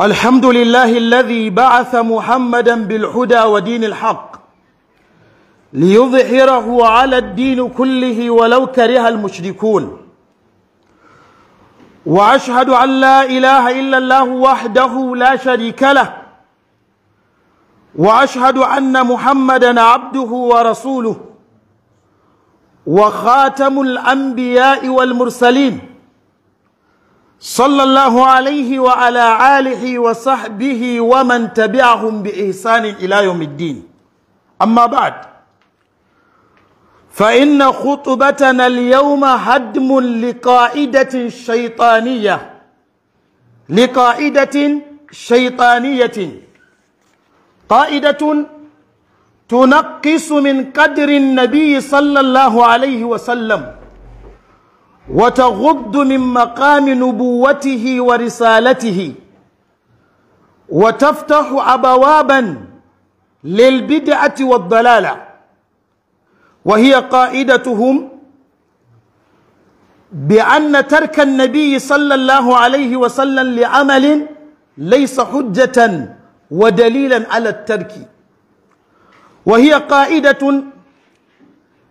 الحمد لله الذي بعث محمدا بالهدى ودين الحق ليظهره على الدين كله ولو كره المشركون واشهد ان لا اله الا الله وحده لا شريك له واشهد ان محمدا عبده ورسوله وخاتم الانبياء والمرسلين صلى الله عليه وعلى آله وصحبه ومن تبعهم بإحسان إلى يوم الدين أما بعد فإن خطبتنا اليوم هدم لقائدة شيطانية لقائدة شيطانية قائدة تنقص من قدر النبي صلى الله عليه وسلم وتغض من مقام نبوته ورسالته وتفتح أبوابا للبدعة والضلالة وهي قائدتهم بأن ترك النبي صلى الله عليه وسلم لعمل ليس حجة ودليلا على الترك وهي قائدة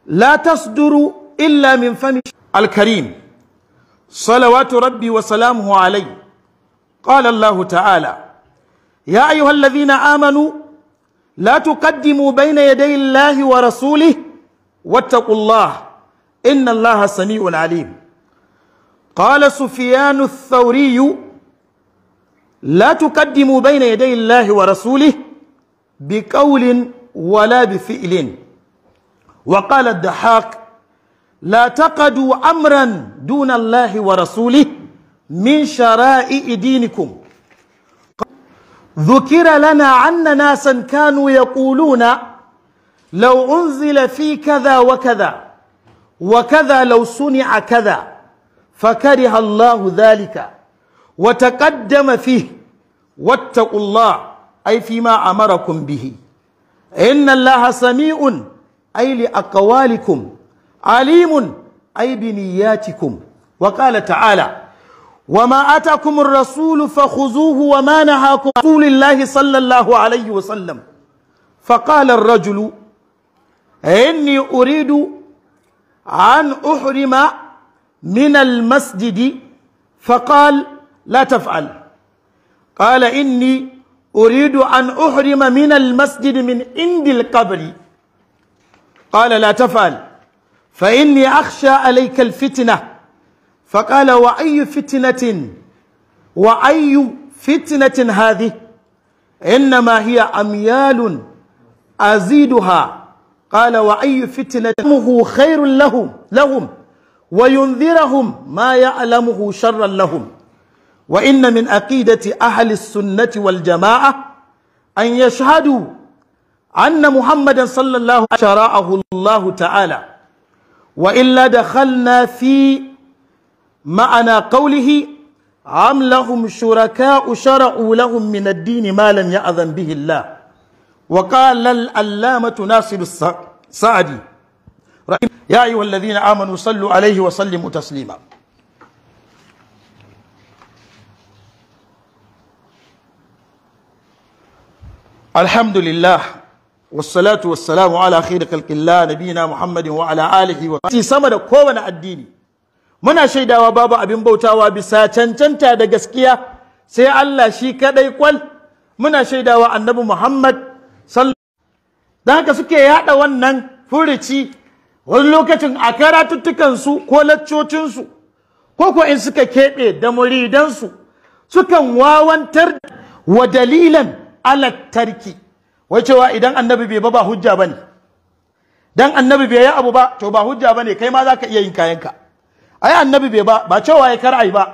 لا تصدر إلا من فم الكريم صلوات ربي وسلامه عليه قال الله تعالى يا أيها الذين آمنوا لا تقدموا بين يدي الله ورسوله واتقوا الله إن الله سميع عليم قال سفيان الثوري لا تقدموا بين يدي الله ورسوله بقول ولا بفعل وقال الدحاق la taqadu amran duna Allahi wa rasulih min shara'i dinikum ذكر لنا أن ناسا كانوا يقولون لو أنزل في كذا وكذا وكذا لو صنع كذا فكره الله ذلك وتقدم فيه واتقوا الله أي فيما أمركم به إن الله سميع أي لأقوالكم عليم أي بنياتكم وقال تعالى وما أتاكم الرسول فخذوه وما نهاكم رسول الله صلى الله عليه وسلم فقال الرجل إني أريد أن أحرم من المسجد فقال لا تفعل قال إني أريد أن أحرم من المسجد من عند القبر قال لا تفعل فإني أخشى عليك الفتنة فقال وأي فتنة وأي فتنة هذه إنما هي أميال أزيدها قال وأي فتنة خير لهم لهم وينذرهم ما يعلمه شرا لهم وإن من أقيدة أهل السنة والجماعة أن يشهدوا أن محمدا صلى الله عليه وسلم شرعه الله تعالى وإلا دخلنا في معنى قوله عم لهم شركاء شرعوا لهم من الدين ما لم يأذن به الله وقال الألامة ناصر السعدي يا أيها الذين آمنوا صلوا عليه وسلموا تسليما الحمد لله wassalatu wassalamu ala khairu khalqillah nabiyina muhammadin wa ala alihi wa sahbihi sama da kowane addini muna shaidawa babu abin bautawa bisa cancanta da gaskiya sai Allah shi kaɗai kwal muna shaidawa annabi muhammad sallallahu dan haka suke yada wannan furici wani lokacin a karatuttukansu ko laccocinsu ko ko in suka keɓe da muridansu sukan wawantar wa dalilan alattarki wai cewa idan annabi bai ba ba hujja bane dan annabi bai yi abu ba to ba hujja bane kai ma zaka iya yin kayanka ai annabi bai ba ba cewa ya karai ba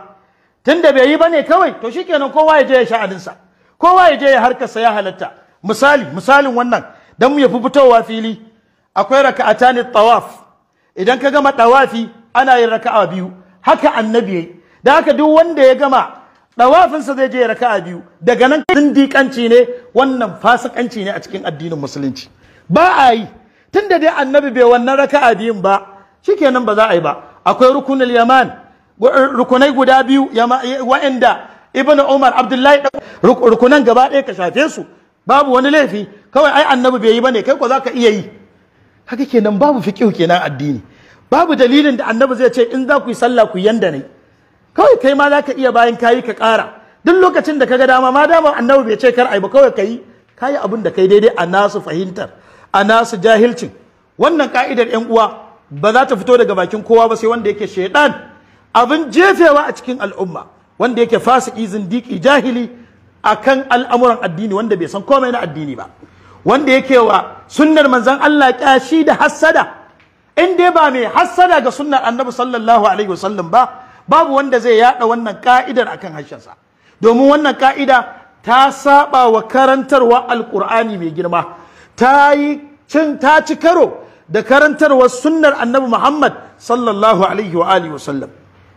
ba da bai yi bane kawai to shikenan kowa ya je ya sha'anin sa kowa ya je ya harkar sa ya halatta misali misalin wannan dan mu yafi fitowa fili akwai raka'atani tawaf idan ka gama tawafi ana yin raka'a biyu haka annabi yayi dan haka duk wanda ya gama dawafinsa zai je raka'a biyu daga nan dindikanci ne wannan fasikanci ne a cikin addinin musulunci ba a yi tunda dai annabi bai wannan raka'a biyun ba shikenan ba za a yi ba akwai rukunul yaman rukunai guda biyu wa'anda ibnu umar abdullahi rukunan gaba ɗaya ka shafe su babu wani laifi kawai ai annabi bai yi bane kai ko zaka iya yi haka kenan babu fiqh kenan addini babu dalilin da annabi zai ce in za ku yi sallah ku yanda ne kawai kai ma za ka iya bayan kayi ka ƙara duk lokacin da ka ga dama ma dama annabi bai ce kar ai ba kawai kai kayi abin da kai daidai a nasu fahimtar a nasu jahilcin wannan ka'idar yan uwa ba za ta fito daga bakin kowa ba sai wanda yake shaidan abin jefewa a cikin al'umma wanda yake fasiki diki jahili akan al'amuran addini wanda bai san komai na addini ba wanda yake wa sunnar manzon Allah kyashi da hassada in dai ba mai hassada ga sunnar annabi sallallahu alaihi wasallam ba babu wanda zai yada wannan ka'idar akan harshensa domin wannan ka'ida ta saba wa karantarwa alkur'ani mai girma ta yi cin ta ci karo da karantarwa sunnar annabi Muhammad sallallahu alaihi wa alihi wasallam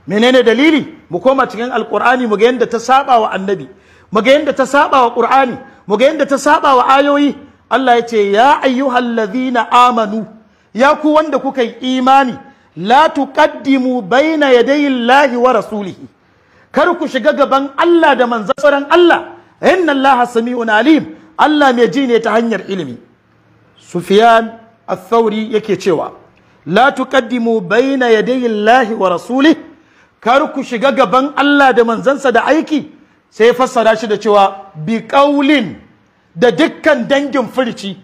menene dalili mu koma cikin alqur'ani mu ga yanda ta saba wa annabi mu ga yanda ta saba wa qur'ani mu ga yanda ta saba wa ayoyi Allah ya ce ya ayyuhallazina amanu ya ku wanda kuka yi imani la tuqaddimu baina yadayi llahi wa rasulihi kar ku shiga gaban Allah da manzon Allah inna allaha sami'u alim Allah mai ji ne ta hanyar ilimi Sufyan al-Thawri yake cewa la tuqaddimu baina yadayi llahi wa rasulihi kar ku shiga gaban Allah da manzansa da aiki sai fassara shi da cewa bi qaulin da dukkan dangin furci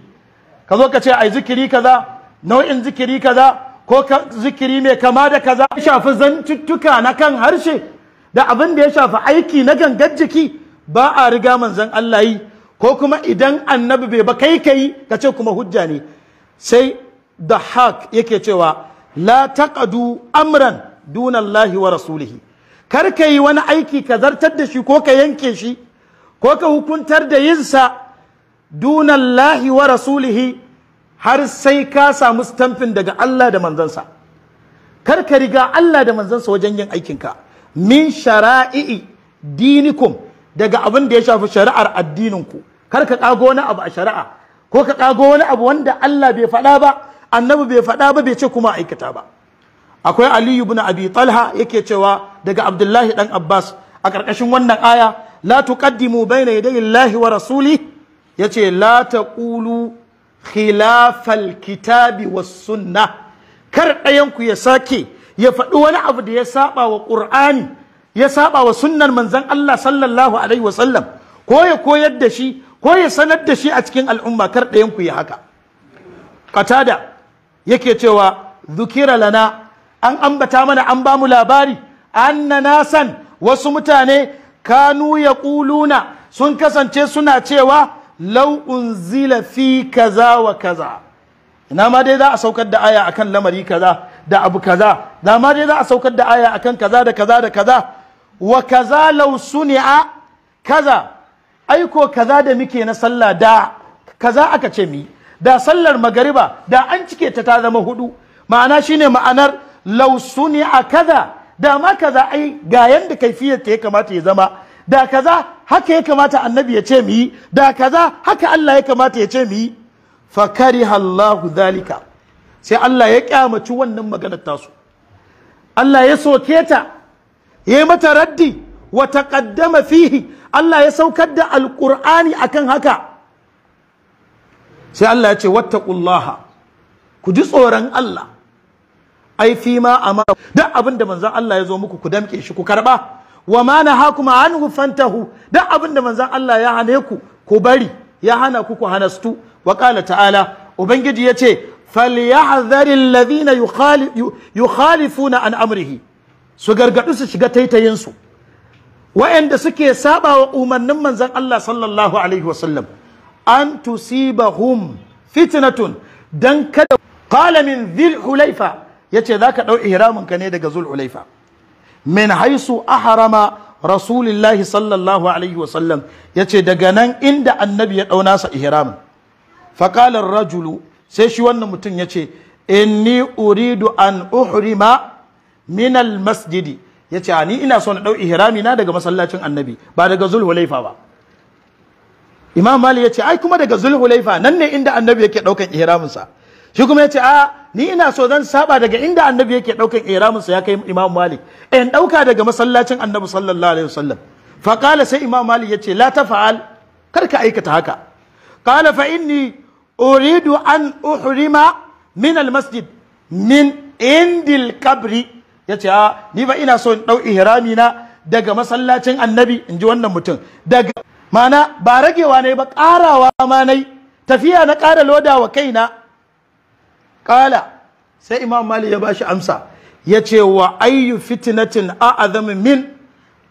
ka zo ka ce ai zikiri kaza nau'in zikiri kaza ko zikiri mai kama da kaza ya shafi zantuttuka na kan harshe da abin da ya shafi aiki na gangar jiki ba a riga manzon Allah yi ko kuma idan annabi bai ba kai kai ka ce kuma hujja ne sai hak yake cewa la taqadu amran duna wa rasulihi kar ka yi wani aiki ka zartar da shi ko ka yanke shi ko ka hukuntar da yinsa duna wa rasulihi har sai ka samu stamfin daga Allah da manzansa kar ka riga Allah da manzansa wajen yin aikinka min shara'i dinikum daga abin da ya shafi shari'ar addininku kar ka kago wani abu a shari'a ko ka kago wani abu wanda Allah bai faɗa ba annabi bai faɗa ba bai ce kuma aikata ba akwai Aliyu ibn Abi Talha yake cewa daga Abdullahi ɗan Abbas a ƙarƙashin wannan aya la tuqaddimu bayna yadayi wa rasuli yace la taqulu khilafal kitabi was sunna kar ɗayanku ya sake ya faɗi wani abu da ya saba wa ƙur'ani ya saba wa sunnar manzon Allah sallallahu alaihi wasallam ko ya koyar da shi ko ya sanar da shi a cikin al'umma kar ɗayanku ya haka qatada yake cewa zukira lana an ambata mana an bamu labari anna wasu mutane kanu yaquluna sun kasance suna cewa Lau'un unzila fi kaza wa kaza ina ma dai za a saukar da aya akan lamari kaza da abu kaza da ma dai za a saukar da aya akan kaza da kaza da kaza wa kaza law suni'a kaza aiko kaza da muke na sallah da kaza aka ce mi da sallar magariba da an cike ta ta zama hudu ma'ana shine ma'anar law suni'a kaza da ma kaza ai ga yanda kaifiyar ta ya kamata ya zama da kaza haka ya kamata annabi ya ce mu yi da kaza haka Allah ya kamata ya ce mu yi fa kariha Allahu zalika. sai Allah ya kyamaci wannan maganar tasu Allah ya soke ta yayi mata raddi wa taqaddama fihi Allah ya saukar da alqur'ani akan haka sai Allah ya ce wattaqullaha ku ji tsoron Allah ai fi ma amara duk abin da manzon Allah ya zo muku ku damke shi ku karba wa mana nahakuma anhu fantahu duk abin da manzon Allah ya hane ku ku bari ya hana ku ku hanastu wa qala ta'ala ubangiji yace falyahdhari alladhina yukhalifuna an amrihi su gargadu su shiga taitayinsu su suke saba umarnin manzon Allah sallallahu alaihi wasallam an tusibahum fitnatun dan kada qala min dhil hulaifa yace zaka dau ihramin ka ne daga zul hulaifa min haisu aharama rasulillahi sallallahu alaihi wasallam ya ce daga nan inda annabi ya ɗauna sa ihramin faƙalar rajulu sai shi wannan mutum ya ce inni uridu an uhrima minal masjidi ya ce ni ina so na ɗau ihrami na daga masallacin annabi ba daga zulhulaifa ba imam mali ya ce ai kuma daga zulhulaifa nan ne inda annabi yake ɗaukan ihraminsa shi kuma ya ce a ni ina so zan saba daga inda annabi yake daukan ihramin ya kai imam malik eh, in dauka daga masallacin annabi sallallahu alaihi wasallam fa qala sai imam malik yace la tafa'al kar ka aikata haka qala fa inni uridu an uhrima min al-masjid min indil kabri yace a ah, ni ba ina so in dau ihrami na daga masallacin annabi in ji wannan mutum daga mana ba ragewa ne ba karawa ma nai tafiya na kara loda wa kaina ƙala sai imam malik ya bashi amsa ya ce wa ayyu fitnatin a min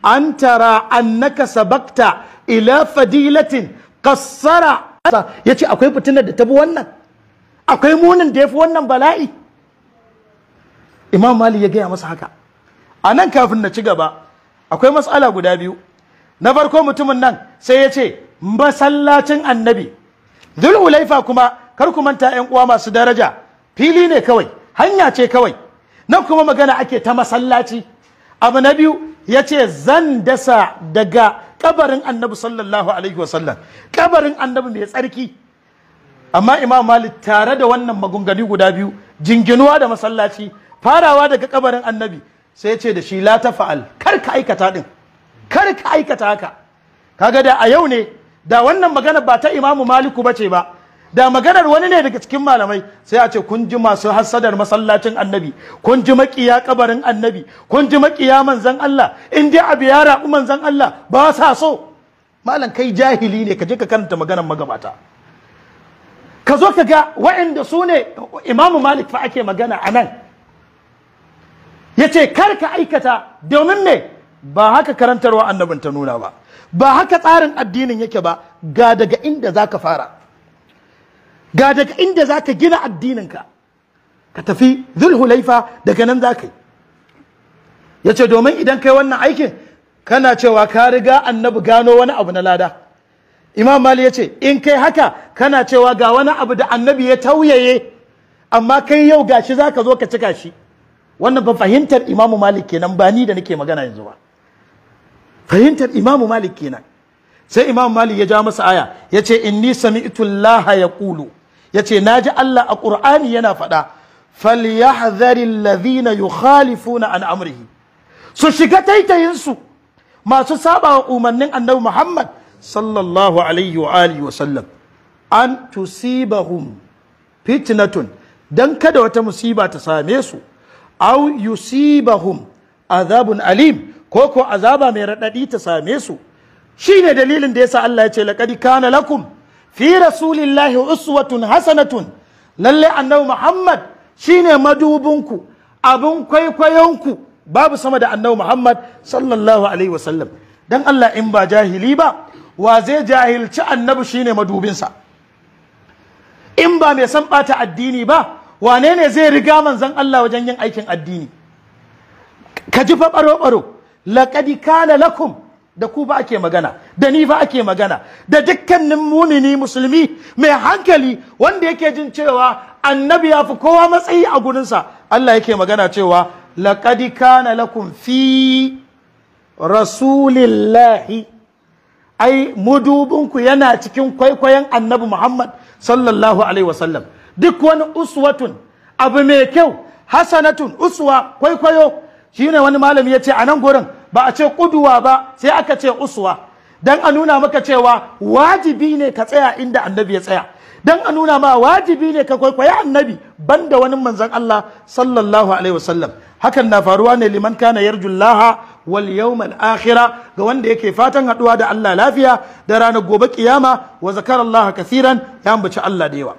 an tara annaka sabakta ila fadilatin kassara ya ce akwai fitinar da tabi wannan akwai munin da ya fi wannan bala'i imam malik ya gaya masa haka a nan kafin na ci gaba akwai matsala guda biyu na farko mutumin nan sai ya ce masallacin annabi zulhulaifa kuma kar ku manta yan uwa masu daraja fili ne kawai hanya ce kawai na kuma magana ake ta masallaci abu na biyu ya ce zan dasa daga kabarin annabi sallallahu alaihi wasallam kabarin annabi mai tsarki amma imam malik tare da wannan magungani guda biyu jinginuwa da masallaci farawa daga kabarin annabi sai ce da shi la ta fa'al kar ka aikata din kar ka aikata haka kaga da a yau ne da wannan magana ba ta imamu maliku bace ba da maganar wani ne daga cikin malamai sai a ce kun ji masu hassadar masallacin annabi kun ji makiya kabarin annabi kun ji makiya manzan Allah in dai abu ya rabu manzan Allah ba sa so malam kai jahili ne ka je ka karanta maganar magabata ka zo ka ga waɗanda su ne imamu malik fa ake magana a nan ya ce kar ka aikata domin me ba haka karantarwa annabin ta nuna ba ba haka tsarin addinin yake ba ga daga inda za ka fara ga daga inda za ka gina addininka ka tafi zulhulaifa daga nan za ka yi ya ce domin idan kai wannan aikin kana cewa ka riga annabi gano wani abu na lada imam mali ya ce in kai haka kana cewa ga wani abu da annabi ya tauyaye amma kai yau gashi za ka zo ka cika shi wannan ba fahimtar Imam malik kenan ba ni da nake magana yanzu ba fahimtar Imam malik kenan sai Imam malik ya ja masa aya ya ce inni sami'tu allaha kulu. yace ji Allah a ƙur'ani yana faɗa falyahdhari alladhina yukhalifuna an amrihi su shiga taitayin su masu saba umarnin Annabi Muhammad sallallahu alaihi wa alihi wa sallam an tusibahum fitnatun dan kada wata musiba ta same su au aw yusibahum azabun alim ko ko azaba mai raɗaɗi ta same su shine dalilin da yasa Allah ya ce laqad kana lakum fi rasulillahi uswatun hasanatun lalle annabi muhammad shine madubinku abun kwaikwayonku babu sama da annabi muhammad sallallahu alaihi wasallam dan Allah in ba jahili ba wa zai jahilci annabi shine madubinsa in ba mai san bata addini ba wane ne zai riga manzon Allah wajen yin aikin addini ka ji fa baro baro laqad kana lakum da ku ba ake magana da ni fa ake magana da dukkanin mumini musulmi mai hankali wanda yake jin cewa annabi ya fi kowa matsayi a gurinsa Allah yake magana cewa laqad kana lakum fi rasulillahi ai mudubinku yana cikin kwaikwayon annabi Muhammad sallallahu alaihi wasallam duk wani uswatun abu mai kyau hasanatun uswa kwaikwayo shine wani malami ya ce a nan gurin ba a ce kuduwa ba sai aka ce uswa dan a nuna maka cewa wajibi ne ka tsaya inda annabi ya tsaya dan a nuna ma wajibi ne ka kwaikwayi annabi banda wani manzon Allah sallallahu alaihi wasallam hakan na faruwa ne liman kana yarjullaha wal yawmal akhira ga wanda yake fatan haduwa da Allah lafiya da ranar gobe kiyama wa zakarallaha kaseeran ya ambaci Allah da yawa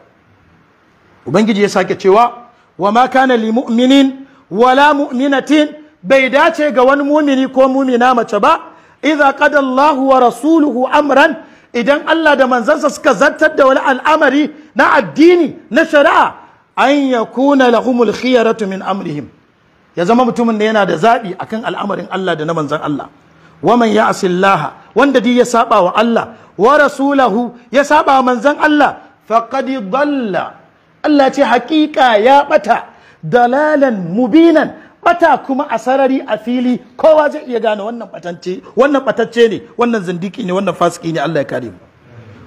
ubangiji ya sake cewa wa ma kana li mu'minin wala mu'minatin bai dace ga wani mumini ko mumina mace ba Iza qada Allahu wa rasuluhu amran idan Allah da manzansa suka zartar da wani al'amari na addini na shari'a an ya yakuna lahumul khiyaratu min amrihim ya zama mutumin da yana da zabi akan al'amarin Allah da na manzan Allah wa man ya'si wanda dai ya saba wa Allah wa rasulahu ya saba wa manzan Allah faqad dalla Allah ce hakika ya ɓata dalalan mubinan bata kuma a sarari a fili kowa zai iya gane wannan batance wannan batacce ne wannan zindiki ne wannan fasiki ne Allah ya kare mu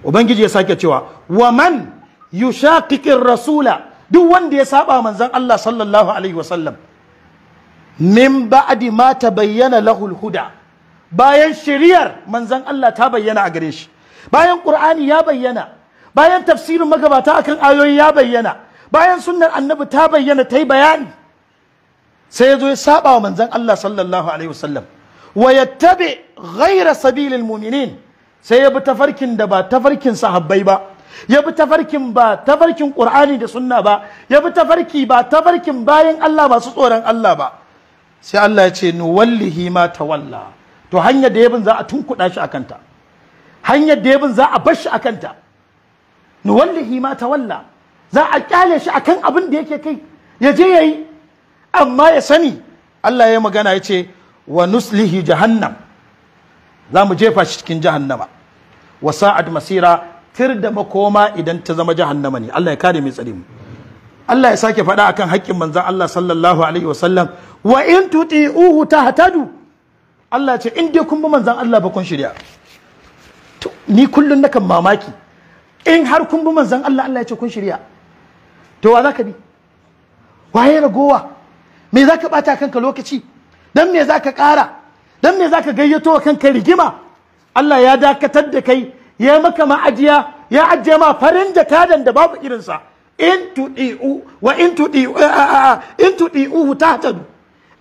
ubangiji ya sake cewa wa man yushaqiqir rasula duk wanda ya saba manzon Allah sallallahu alaihi wasallam min ba'di ma tabayyana lahu huda bayan shiriyar manzon Allah ta bayyana a gare shi bayan qur'ani ya bayyana bayan tafsirin magabata akan ayoyi ya bayyana bayan sunnar annabi ta bayyana ta yi bayani sai ya zo ya saba wa manzan Allah sallallahu alaihi wasallam wa yattabi ghaira sabilil mu'minin sai ya bi tafarkin da ba tafarkin sahabbai ba ya bi tafarkin ba tafarkin qur'ani da sunna ba ya bi tafarki ba tafarkin bayan Allah masu tsoron Allah ba sai Allah ya ce nuwallihi ma tawalla to hanyar da yabin za a tunkuɗa shi akanta hanyar da yabin za a bar shi akanta nuwallihi ma tawalla za a kyale shi akan abin da yake kai ya je yayi amma ya sani Allah ya magana ya ce wa nuslihi jahannam za mu jefa shi cikin jahannama wa sa'ad masira tir da makoma idan ta zama jahannama ne Allah ya kare mai tsare mu Allah ya sake faɗa akan haƙƙin manzon Allah sallallahu alaihi wa sallam wa in tuti'uhu tahtadu Allah ya ce in dai kun bi manzon Allah ba kun shirya ni kullun nakan mamaki in har kun bi manzon Allah Allah ya ce kun shirya to wa zaka bi waye ragowa me za ka ɓata kanka lokaci don me za ka ƙara don me za ka gayyato kanka rigima Allah ya dakatar da kai ya maka ma'ajiya ya ajiye ma farin kadan da babu irinsa in u, wa in tudi'u in ta tahtadu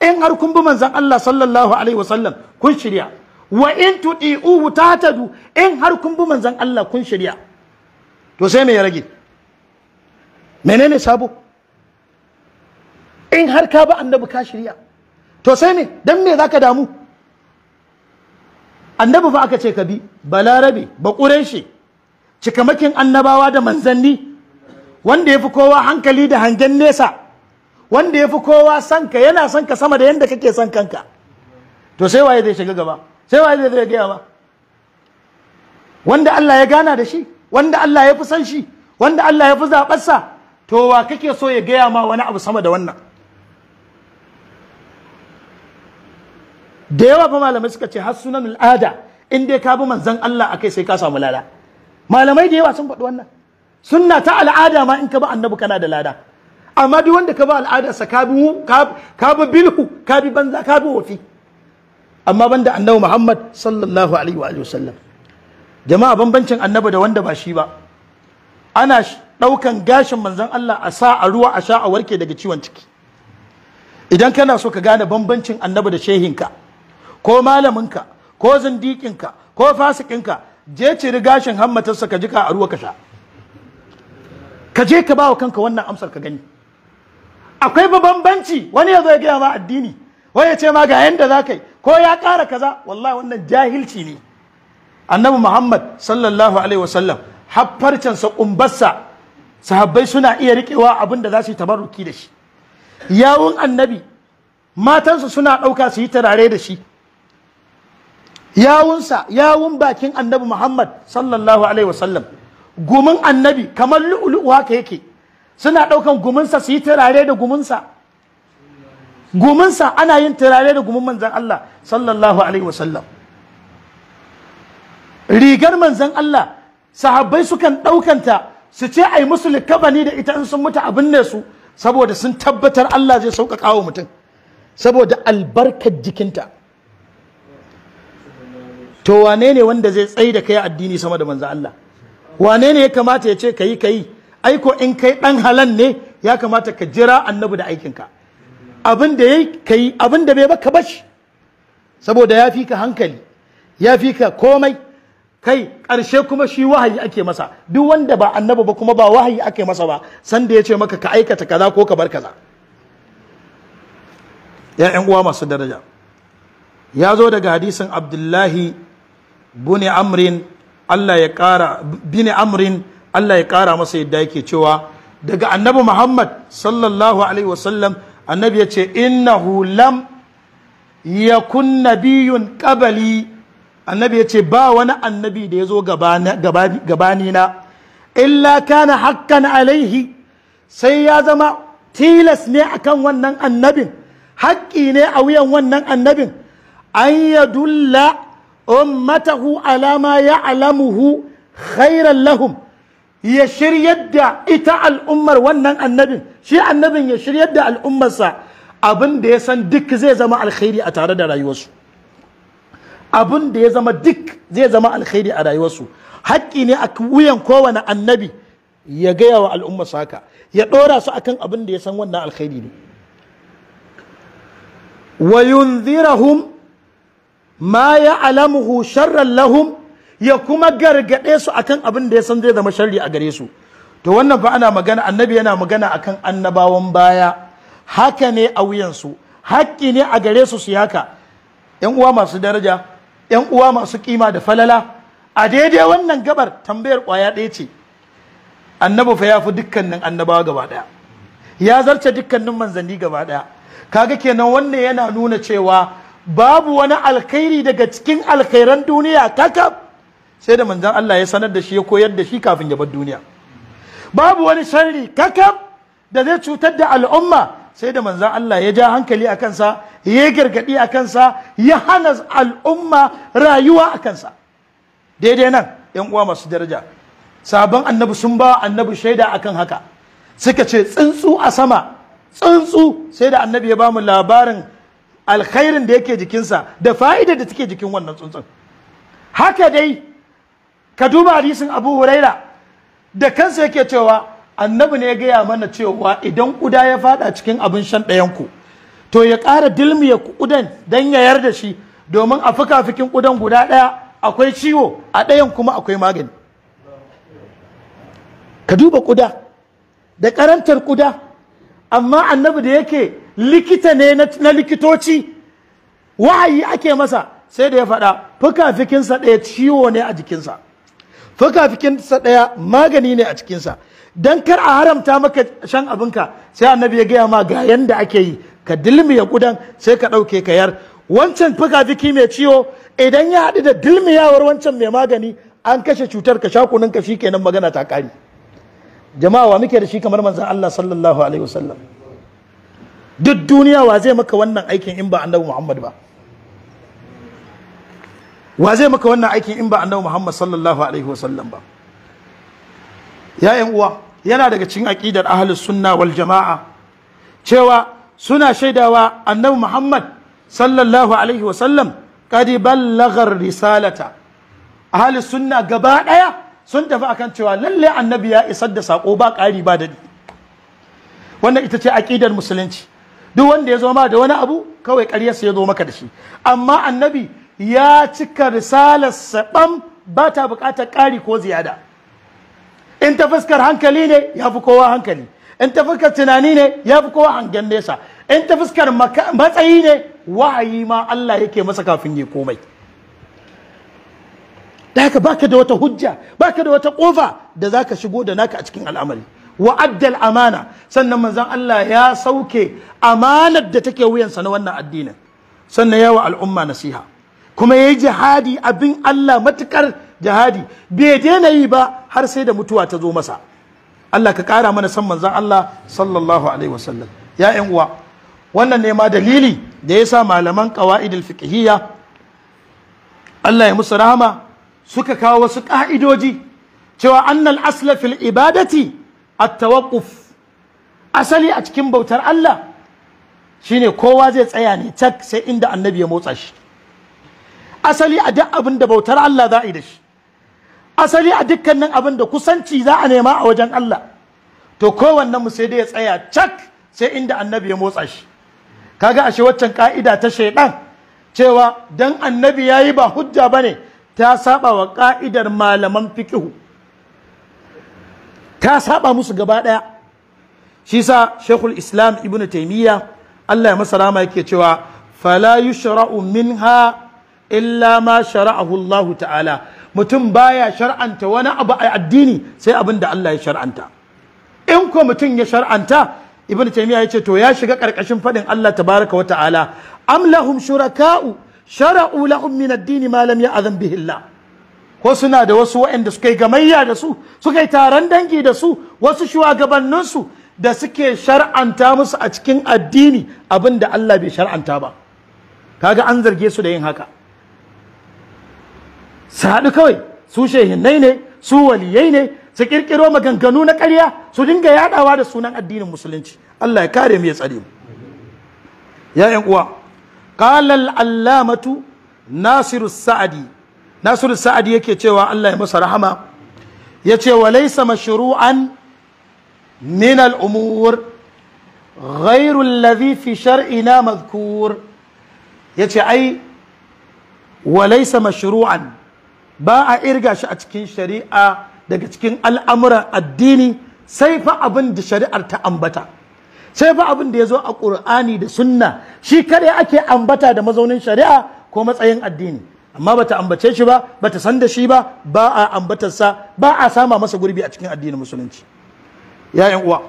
in har kun bi manzon Allah sallallahu alaihi wa sallam kun shirya wa in ta tahtadu in har kun bi manzon Allah kun shirya to sai me ya rage menene sabo in har ka ba annabi ka shirya to sai me dan me zaka damu annabi fa aka ce ka bi balarabe ba ƙureshi cikamakin annabawa da manzanni wanda ya fi kowa hankali da hangen nesa wanda ya fi kowa sanka yana sanka sama da yadda kake san kanka to sai waye zai shiga gaba sai waye zai gaya ba wanda Allah ya gana da shi wanda Allah ya fi san shi wanda Allah ya fi sa? to wa kake so ya gaya ma wani abu sama da wannan da yawa fa malamai suka ce har sunan al'ada in dai ka bi manzon Allah akai sai ka samu lada malamai da yawa sun faɗi wannan sunna ta al'ada ma in ka bi annabi kana da lada amma duk wanda ka bi al'adarsa ka bi ka bi bilhu ka bi banza ka bi wafi amma banda annabi Muhammad sallallahu alaihi wa alihi wasallam jama'a bambancin annabi da wanda ba shi ba ana ɗaukan gashin manzan Allah a sa a ruwa a sha a warke daga ciwon ciki idan kana so ka gane bambancin annabi da shehinka ko malaminka ko zindikinka ko fasikinka je ciri gashin hammatarsa ka jika a ruwa ka sha ka je ka bawa kanka wannan amsar ka gani akwai bambanci wani ya zo ya gaya ma addini wani ya ce ma ga yanda za ka yi ko ya ƙara kaza wallahi wannan jahilci ne annabi muhammad sallallahu alaihi wasallam haffarcensa kumbarsa sahabbai suna iya riƙewa abin da za su yi tabarruki da shi yawun annabi matansu suna ɗauka su yi tarare da shi yawunsa yawun bakin annabi Muhammad sallallahu alaihi wasallam gumin annabi kamar lu'lu'u haka yake suna ɗaukan guminsa su yi turare da guminsa guminsa ana yin turare da gumin manzan Allah sallallahu alaihi wasallam rigar manzan Allah sahabbai sukan ɗaukanta su ce ai musu likabani da ita in sun mutu abin ne su saboda sun tabbatar Allah zai sauƙaƙa wa mutum saboda albarkar jikinta to wane ne wanda zai tsaye da kai addini sama da manzo Allah wane ne ya kamata ya ce kayi kayi aiko in kai dan halan ne ya kamata ka jira annabi da aikinka abin da yayi kai abin da bai baka bashi saboda ya fi ka hankali ya fi ka komai kai karshe kuma shi wahayi ake masa duk wanda ba annabi ba kuma ba wahayi ake masa ba sanda ya ce maka ka aikata kaza ko ka bar kaza ya uwa masu daraja ya zo daga hadisin abdullahi Bini amrin Allah ya ƙara masa yadda yake cewa daga annabi Muhammad sallallahu alaihi wasallam annabi ya ce innahu lam yakun nabiyun qabali annabi ya ce ba wani annabi da ya zo gabanina illa kana hakan alaihi sai ya zama tilas ne akan wannan annabin haƙƙi ne a wuyan wannan annabin an yadulla ummatahu ala ma ya'lamuhu khairan lahum ya shirya da ita al'ummar wannan annabin shi annabin ya shiryar da al'ummarsa abin ya san duk zai zama alkhairi a tare da rayuwarsu abin ya zama duk zai zama alkhairi a rayuwarsu haƙƙi ne a wuyan kowane annabi ya gaya wa al'ummarsa haka ya ɗora su akan abinda ya san wannan alkhairi ne wa yunzirahum ma ya alamuhu sharran lahum ya kuma gargaɗe su akan abin da ya san zai zama sharri a gare su to wannan fa ana magana annabi yana magana akan annabawan baya haka ne a su haƙƙi ne a gare su su haka Ƴan uwa masu daraja ƴan uwa masu kima da falala a daidai wannan gabar tambayar kwaya ɗaya ce annabi fa ya fi dukkanin annabawa gaba ɗaya ya zarce dukkanin manzanni gaba ɗaya kaga kenan wannan yana nuna cewa babu wani alkhairi daga cikin alkhairan duniya kakab sai da manzan Allah ya sanar da shi ya koyar da shi kafin ya bar duniya babu wani sharri kakab da zai cutar da al'umma sai da manzan Allah ya ja hankali a kansa ya gargadi a kansa ya hana al'umma rayuwa a kansa daidai nan yan uwa masu daraja sabon annabi sun ba annabi shaida akan haka suka ce tsuntsu a sama tsuntsu sai da annabi ya bamu labarin alkhairin da yake jikinsa da fa'idar da take jikin wannan tsuntsun haka dai ka duba hadisin abu huraira da kansa yake cewa annabi ne ya gaya mana cewa idan ƙuda ya fada cikin abin shan ɗayanku to ya ƙara dilmiya ƙudan don ya yarda shi domin a fikafikin ƙudan guda ɗaya akwai ciwo a ɗayan kuma akwai magani ka duba ƙuda da ƙarantar ƙuda amma annabi da yake likita ne na likitoci wahayi ake masa sai da ya faɗa fukafikinsa ɗaya ciwo ne a jikinsa fukafikinsa ɗaya magani ne a cikinsa don kar a haramta maka shan abinka sai annabi ya gaya ma ga yanda ake yi ka dilmiya gudan sai ka ɗauke ka yar wancan fuka mai ciwo idan ya haɗu da dilmiyawar wancan mai magani an kashe cutar ka sha kunun ka kenan magana ta ƙari. jama'a wa muke da shi kamar manzan Allah sallallahu alaihi wasallam duk duniya wa zai maka wannan aikin in ba annabi Muhammad ba wa zai maka wannan aikin in ba annabi Muhammad sallallahu alaihi wasallam ba ya uwa yana daga cikin aqidar ahlus sunna wal jama'a cewa suna shaidawa annabi Muhammad sallallahu alaihi wasallam qad ballagha risalata ahlus sunna gaba daya sun tafi akan cewa lalle annabi ya isar da sako ba ƙari ba dadi wannan ita ce aqidar musulunci duk wanda ya zo ma da wani abu kawai ƙaryarsa ya zo maka da shi amma annabi ya cika risalarsa ɓam ba ta buƙatar ƙari ko ziyada in ta fuskar hankali ne ya fi kowa hankali in ta fuskar tunani ne ya fi kowa hangen nesa in ta fuskar matsayi ne wahayi ma Allah yake masa kafin ya komai da haka baka da wata hujja baka da wata kofa da zaka shigo da naka a cikin al'amari wa addal amana sannan manzon Allah ya sauke amanar da take wuyansa na wannan addinin sannan yawa al'umma nasiha kuma yayi jihadi abin Allah matukar jihadi bai daina yi ba har sai da mutuwa ta zo masa Allah ka kara mana san manzon Allah sallallahu alaihi wasallam ya ƴan uwa wannan ne ma dalili da yasa malaman qawaidul fiqhiyya Allah ya musu rahama suka kawo wasu ƙa'idoji cewa annal asla fil ibadati at-tawaqquf asali a cikin bautar Allah shine kowa zai tsaya ne tak sai inda annabi ya motsa shi asali a duk abin da bautar Allah za a yi da shi asali a dukkanin abin da kusanci za a nema a wajen Allah to kowanne mu sai dai ya tsaya cak sai inda annabi ya motsa shi kaga ashe waccan ka'ida ta shaidan cewa dan annabi yayi ba hujja bane ta saba wa ka'idar malaman fikihu ta saba musu gaba daya shi sa shekul islam ibnu taimiyya allah ya masa rama yake cewa fala yushra'u minha illa ma shara'ahu allah ta'ala mutum baya shar'anta wani abu a addini sai abin da allah ya shar'anta in ko mutum ya shar'anta ibn taimiyya ya ce to ya shiga karkashin faɗin allah tabaraka wa ta'ala am lahum shuraka'u shara'u lahum min ad-din ma lam ya'zan bihi Allah ko suna da wasu waɗanda suka gamayya da su suka yi taron dangi da su wasu shugabanninsu da suke shar'anta musu a cikin addini abinda Allah bai shar'anta ba kaga an zarge su da yin haka su haɗu kawai su nai ne su waliyai ne su ƙirƙiro maganganu na ƙarya su dinga yaɗawa da sunan addinin musulunci Allah ya kare mu ya tsare mu ya uwa qalal allamatu nasiru sa'adi nasiru sa'adi yake cewa Allah ya masa rahama yace walaisa laysa mashru'an min umur ghayru alladhi shar'ina madhkur yace ai walaisa laysa mashru'an ba a irga shi a cikin shari'a daga cikin al'amuran addini sai fa abin da shari'ar ta ambata sai fa abin da ya zo a ƙur'ani da sunna shi kare ake ambata da mazaunin shari'a ko matsayin addini amma bata ambace shi ba bata san da shi ba ba a ambatarsa ba a sama masa gurbi a cikin addinin musulunci ya uwa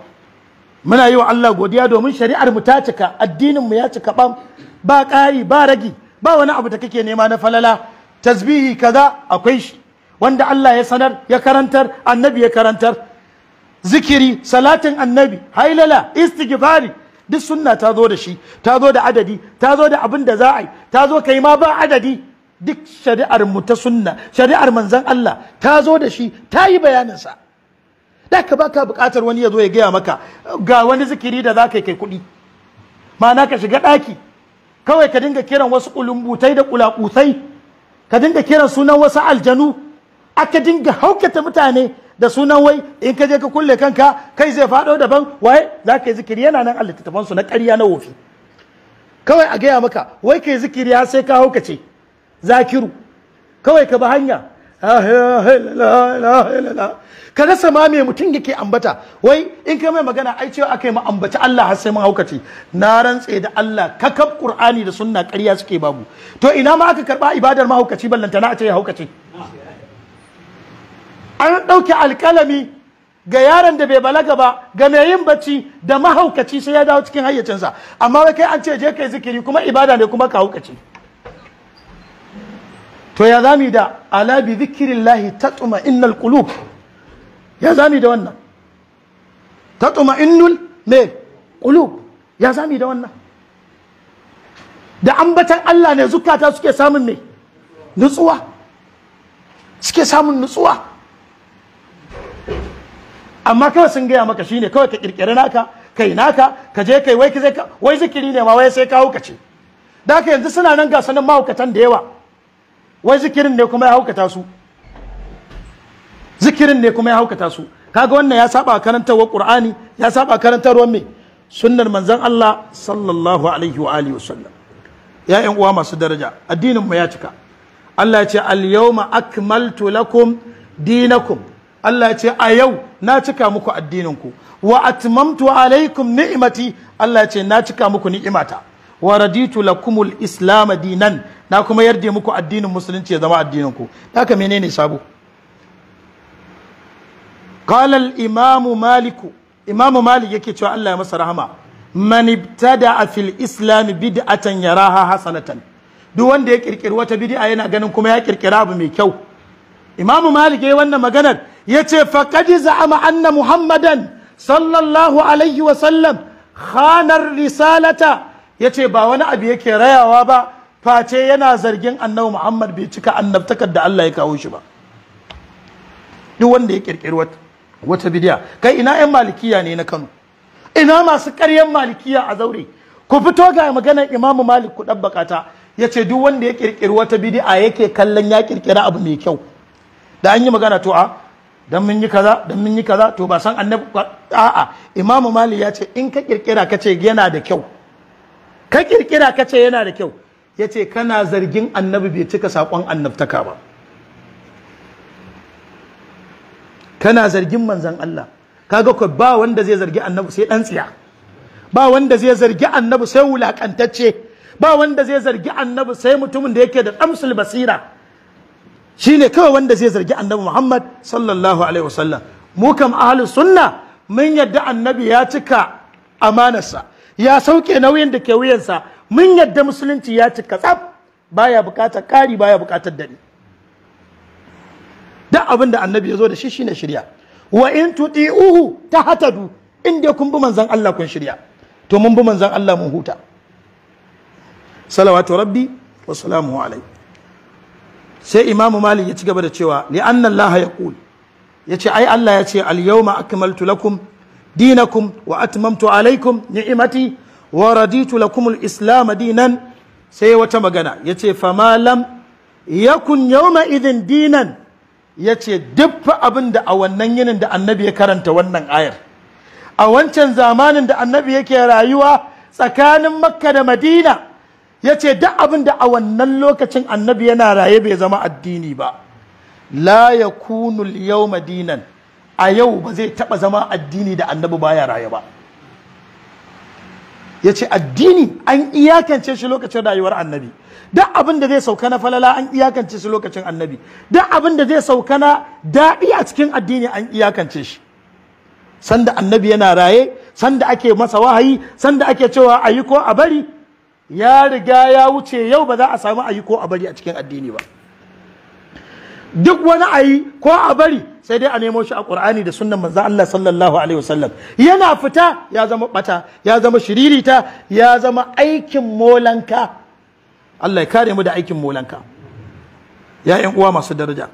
muna yi wa Allah godiya domin shari'ar mu ta cika addinin mu ya cika bam ba ƙari ba ragi ba wani abu da kake nema na falala tasbihi kaza akwai shi wanda Allah ya sanar ya karantar annabi ya karantar zikiri salatin annabi hailala istighfari duk sunna ta zo da shi ta zo da adadi ta zo da abin da za a yi ta zo kai ma ba adadi duk shari'ar mu ta sunna shari'ar manzon Allah ta zo da shi ta yi bayanin sa da ka baka bukatar wani ya zo ya gaya maka ga wani zikiri da za ka kai kuɗi ma'ana ka shiga ɗaki kawai ka dinga kiran wasu ulumbutai da kulakutai ka dinga kiran sunan wasu aljanu aka dinga haukata mutane da sunan wai in ka je ka kulle kanka kai zai faɗo daban waye za ka yi zikiri yana nan a su na ƙarya na wofi kawai a gaya maka wai ka yi zikiri ya sai ka haukace zakiru kawai ka ba hanya ka rasa ma me mutum yake ambata wai in ka mai magana ai cewa aka yi mu ambaci Allah har sai mun haukace na rantse da Allah kakab Qur'ani da sunna ƙarya suke babu to ina ma aka karba ibadar mahaukaci ballantana a ce ya haukace an ɗauki alƙalami ga yaron da bai balaga ba ga mai yin bacci da mahaukaci sai ya dawo cikin hayyacinsa amma wai kai an ce je kai zikiri kuma ibada ne kuma ka haukaci to ya zami da ala bi zikirillahi tatuma innal qulub ya zami da wannan tatuma innul me qulub ya zami da wannan da ambatan Allah ne zukata suke samun me nutsuwa suke samun nutsuwa amma kawai sun gaya maka shine kawai ka kirkiri naka kai naka ka je kai wai zai wai zikiri ne ma wai sai ka ce da haka yanzu suna nan gasanin mahaukatan da yawa wai zikirin ne kuma ya haukata su zikirin ne kuma ya haukata su kaga wannan ya saba karantarwar qur'ani ya saba karantarwar me sunnar manzon Allah sallallahu alaihi wa alihi wasallam ya ƴan uwa masu daraja addinin mu ya cika Allah ya ce al yawma akmaltu lakum dinakum Allah ya ce a yau na cika muku addininku wa atmamtu alaikum ni'imati Allah ya ce na cika muku ni'imata wa raditu lakumul islam dinan na kuma yarda muku addinin musulunci ya zama addininku haka menene sabo qala al imam malik imam malik yake cewa Allah ya masa rahama man ibtada fil islam bid'atan yaraha hasanatan duk wanda ya kirkiri wata bid'a yana ganin kuma ya kirkira abu mai kyau imam malik yayi wannan maganar yace faqad za'ama anna muhammadan sallallahu alaihi wa sallam khanar risalata ce ba wani abu yake rayawa ba face yana zargin annabi muhammad bai cika annabtakar da Allah ya kawo shi ba duk wanda ya ƙirƙiri wata bidiya kai ina yan malikiya ne na Kano ina masu ƙaryan malikiya a zaure ku fito ga maganar imamu malik ku dabbaka ta yace duk wanda ya ƙirƙiri wata bidi'a yake kallon ya ƙirƙiri abu mai kyau da an yi magana to a ah, dan mun yi kaza dan mun yi kaza to ba san annabi a'a imamu mali ya ce in ka kirkira ka ce yana da kyau ka kirkira ka ce yana da kyau ya ce kana zargin annabi bai cika sakon annabtaka ba kana zargin manzan Allah kaga ko ba wanda zai zargi annabi sai dan tsiya ba wanda zai zargi annabi sai wulakantacce ba wanda zai zargi annabi sai mutumin da yake da damsul basira Shi ne kawai wanda zai zargi annabi Muhammad sallallahu alaihi wasallam mu kam ahlus sunna mun yadda annabi ya cika amanarsa ya sauke nauyin da ke wuyansa mun yadda musulunci ya cika tsaf baya bukatar kari baya bukatar dani duk abin da annabi ya zo da shi shine shirya wa in tuti'uhu tahtadu in dai kun bi manzon Allah kun shirya to mun bi manzon Allah mun huta salawatu rabbi wa salamu alaihi sai imamu malik ya ci gaba da cewa li anna allaha yaqul yace ai allah yace al yawma akmaltu lakum dinakum wa atmamtu alaikum ni'imati wa raditu lakum al islam dinan sai wata magana yace Famalam lam yakun yawma idin dinan yace duk abin da a wannan yinin da annabi ya karanta wannan ayar a wancan zamanin da annabi yake rayuwa tsakanin makka da madina ya ce duk abin da a wannan lokacin annabi yana raye bai zama addini ba la ya kunul yau madinan a yau ba zai taɓa zama addini da annabi baya raye ba ya ce addini an iyakance shi lokacin rayuwar annabi duk abin da zai sauka na falala an iyakance shi lokacin annabi duk abin da zai sauka na daɗi a cikin addini an iyakance shi sanda annabi yana raye sanda ake masa wahayi sanda ake cewa a yi ko a bari ya riga ya wuce yau ba za a samu ayi ko a bari a cikin addini ba duk wani ayi ko a bari sai dai a nemo shi a Qur'ani da sunnan manzo Allah sallallahu alaihi wasallam yana fita ya zama bata ya zama shiririta ya zama aikin molanka Allah ya kare mu da aikin molanka ya ƴan uwa masu daraja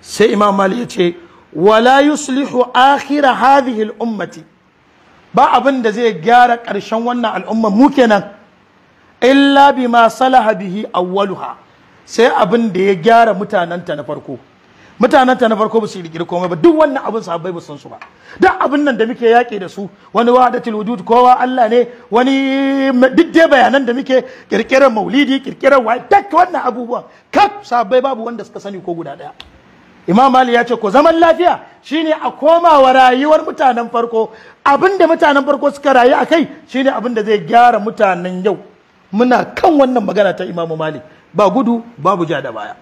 sai Imam Malik ya ce wala yuslihu akhir hadhihi al-ummati ba abin da zai gyara ƙarshen wannan al'umma mu kenan illa ma salaha bihi awwaluha sai abin da ya gyara mutananta na farko mutananta na farko ba su rigiri komai ba duk wannan abin sahabbai ba san su ba duk abin nan da muke yaƙi da su wani wahdatul wujud kowa Allah ne wani duk dai bayanan da muke kirkirar maulidi kirkirar wai duk wannan abubuwan kaf sahabbai babu wanda suka sani ko guda daya Imam Mali ya ce ko zaman lafiya shine a komawa rayuwar mutanen farko abin da mutanen farko suka rayu a kai shine abin da zai gyara mutanen yau muna kan wannan magana ta Imam Malik ba gudu babu ja da baya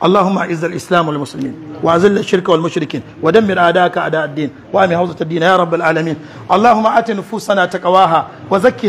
Allahumma izza wal muslimin wa azil mushrikin wa dammir a'da ad-din wa ami ya rabbal alamin Allahumma ati nufusana taqwaha wa zakkiha